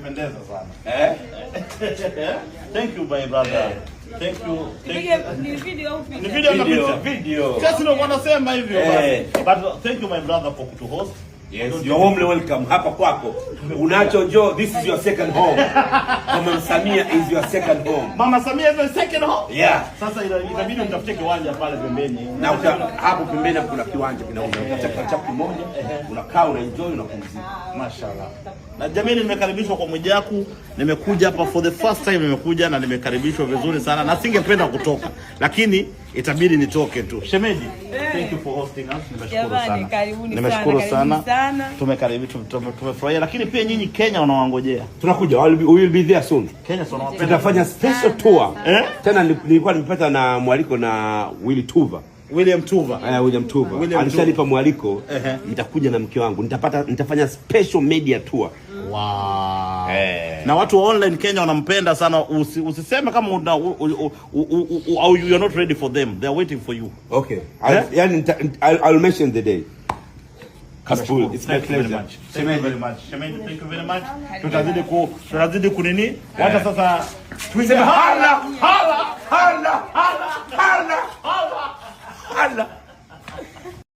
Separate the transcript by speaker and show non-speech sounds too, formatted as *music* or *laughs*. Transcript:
Speaker 1: Umenipendeza sana. Eh? eh? *laughs* Thank you my brother. Eh.
Speaker 2: Thank you. Thank you. Ni video au Video.
Speaker 1: Ni video na Video. Sasa ndio wanasema hivyo basi. Eh. But thank you my brother for kutuhost.
Speaker 3: Yes, your warmly welcome hapa kwako unacho njoo, this is your second home. Mama Samia is your second home.
Speaker 1: Mama Samia is your second home. Yeah. Sasa inabidi nitafute kiwanja pale pembeni.
Speaker 3: Na uta, hapo pembeni kuna kiwanja kinauza. Unataka chapa kimoja, unakaa una enjoy unapumzika. Mashallah.
Speaker 1: Na jamani, nimekaribishwa kwa Mwijaku, nimekuja hapa for the first time, nimekuja na nimekaribishwa vizuri sana na singependa kutoka, lakini itabidi nitoke tu.
Speaker 3: Shemeji, thank you for hosting us. Nimeshukuru sana. Nimeshukuru sana sana.
Speaker 1: Tumekaribi tumefurahia lakini pia nyinyi Kenya unawangojea.
Speaker 3: Tunakuja. We will be there soon. Kenya tunawapenda. Tutafanya special tour. Eh? Tena nilikuwa nimepata na mwaliko na Willy Tuva.
Speaker 1: William Tuva.
Speaker 3: Eh, William Tuva. Alishanipa mwaliko. Uh -huh. Nitakuja na mke wangu. Nitapata nitafanya special media tour.
Speaker 1: Wow. Hey. Eh. Na watu wa online Kenya wanampenda sana. Usi, usiseme kama una, u, u, u, u, u, you are not ready for them. They are waiting for you.
Speaker 3: Okay. Eh? I'll, Yeah, I'll, I'll mention the day. Nashukuru. It's my pleasure. you
Speaker 1: very much. Shemeji thank you very much. Tutazidi ku tutazidi kunini? Eh. Hata sasa tuiseme hala hala hala hala hala hala.